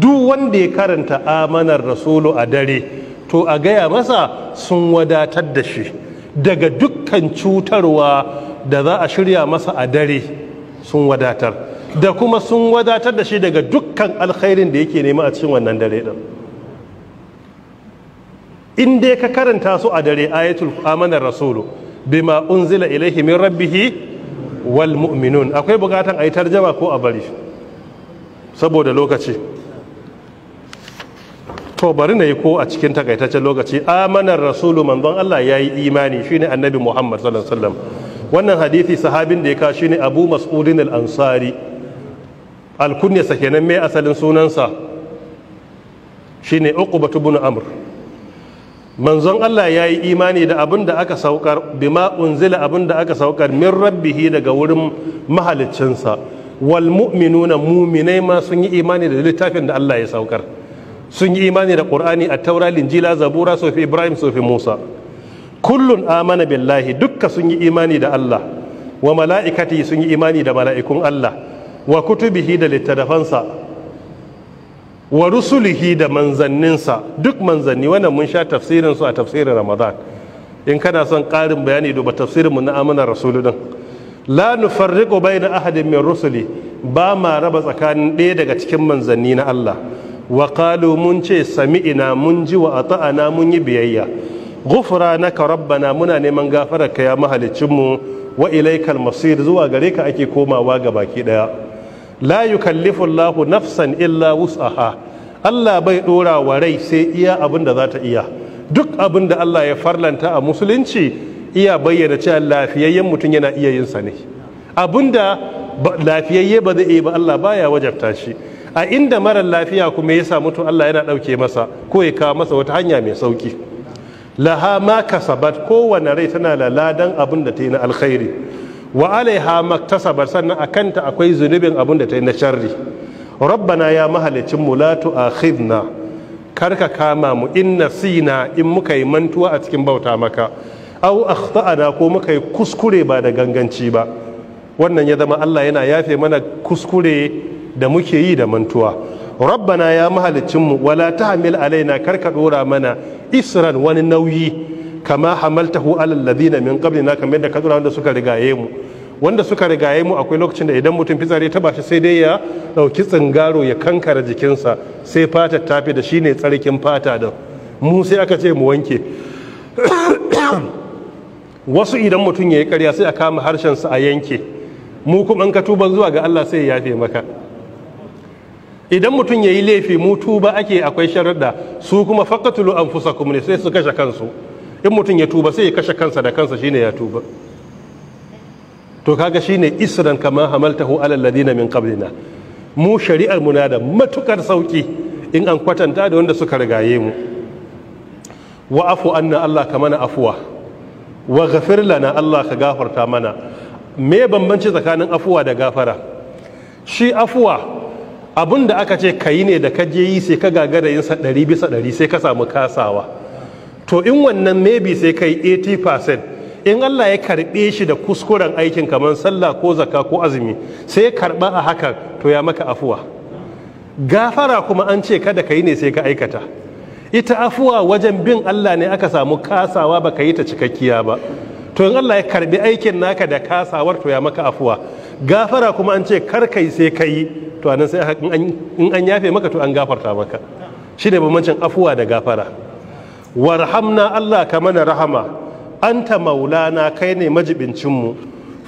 duk wanda ya karanta amanar rasulu a dare to a gaya masa sun wadatar da shi daga dukkan cutarwa da za a shirya masa a dare sun wadatar da kuma sun wadatar da shi daga dukkan alkhairin da yake nema a cikin wannan dare din in dai ka karanta su a dare ayatul amanar rasulu bima unzila ilaihi min rabbihi wal mu'minun akwai bukatan a yi tarjama ko a bari saboda lokaci to bari na yi ko a cikin takaitaccen lokaci amanar rasulu manzon Allah ya yi imani ne annabi Muhammad sallallahu alaihi wasallam wannan hadithi sahabin da ya kawo ne Abu Mas'udin al-Ansari al-kunyasa kenan mai asalin sunansa ne Uqbah ibn Amr manzon Allah ya yi imani da abin da aka saukar bima unzila abin da aka saukar min rabbihi daga wurin mahaliccinsa wal mu'minuna muminai ma sun yi imani da littafin da Allah ya saukar sun yi imani da qur'ani a taura linjila zabura sofi ibrahim sofi musa kullun amana billahi dukka sun yi imani da allah wa mala'ikati sun yi imani da mala'ikun allah wa kutubihi da littattafansa wa rusulihi da manzanninsa duk manzanni wannan mun sha tafsirin su a tafsirin ramadan in kana son ƙarin bayani duba tafsirin mu na amanar rasulu din la nufarriqu bayna ahadin min rusuli ba ma raba tsakanin ɗaya daga cikin manzanni na Allah wa mun ce sami'ina mun ji wa ata'ana mun yi biyayya Gufura na rabba na muna neman gafarar ka ya mahalicinmu mu wa ilaikal masir zuwa gare ka ake komawa ga baki ɗaya. la yukallifu Allahu nafsan illa ha, Allah bai dora wa rai sai iya abin da za ta iya duk abin da Allah ya farlanta a musulunci iya bayyana cewa lafiyayyen mutum yana iya yin sa ne abinda lafiyayye ba zai iya ba Allah baya wajabta shi a inda marar lafiya kuma ya samu to Allah yana ɗauke masa ko ya kawo masa wata hanya mai sauki laha ma kasabat kowane rai tana da ladan abin da ta yi na alkhairi wa alaiha maktasabat sannan a kanta akwai zunubin abin da ta yi na sharri rabbana ya mahalicin mu la akhidna karka kama mu in nasina in muka yi mantuwa a cikin bauta maka au akhta'ana ko muka yi kuskure ba da ganganci ba wannan ya zama Allah yana yafe mana kuskure da muke yi da mantuwa rabbana ya mahalicinmu wala ta hamil alaina karka dora mana isran wani nauyi kama hamaltahu alal ladina min qablina kamar da ka dora wanda suka rigaye mu wanda suka rigaye mu akwai lokacin da idan mutum fitsari ta bashi sai dai ya dauki tsingaro ya kankara jikinsa sai fata tafi da shi ne tsarkin fata da mu sai aka ce mu wanke wasu idan mutum ya yi karya sai a kama harshensa a yanke mu kuma in ka tuban zuwa ga Allah sai ya yafe maka idan mutum ya yi laifi mu tuba ake akwai sharuɗa su kuma faqatulu fusa ne sai su kashe kansu in mutum ya tuba sai ya kashe kansa da kansa shine ya tuba to kaga shine isran kama hu alal ladina min qablina mu shari'ar mu na da matukar sauki in an kwatanta da wanda suka rigaye mu wa afu anna Allah ka mana afuwa wa ghafir lana Allah ka gafarta mana me bambanci tsakanin afuwa da gafara shi afuwa abin da aka ce ka yi ne da kaje yi sai ka gagara yin sa ɗari bisa ɗari sai ka samu kasawa to in wannan maybe sai ka yi 80% in Allah ya karɓe shi da kuskuren aikin kamar sallah ko zakka ko azumi sai karɓa a haka to ya maka afuwa gafara kuma an ce kada ka yi ne sai ka aikata ita afuwa wajen bin Allah ne aka samu kasawa ba ka yi ta cikakkiya ba to in Allah ya karbi aikin naka da kasawar to ya maka afuwa gafara kuma an ce kar kai sai kai to anan sai in an yafe maka to an gafarta maka shine bambancin afuwa da gafara warhamna Allah ka mana rahama anta maulana kai ne majibincin mu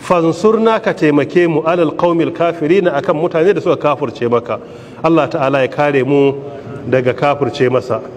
fansurna ka taimake mu alal qaumil kafirina akan mutane da suka kafurce maka Allah ta'ala ya kare mu daga kafurce masa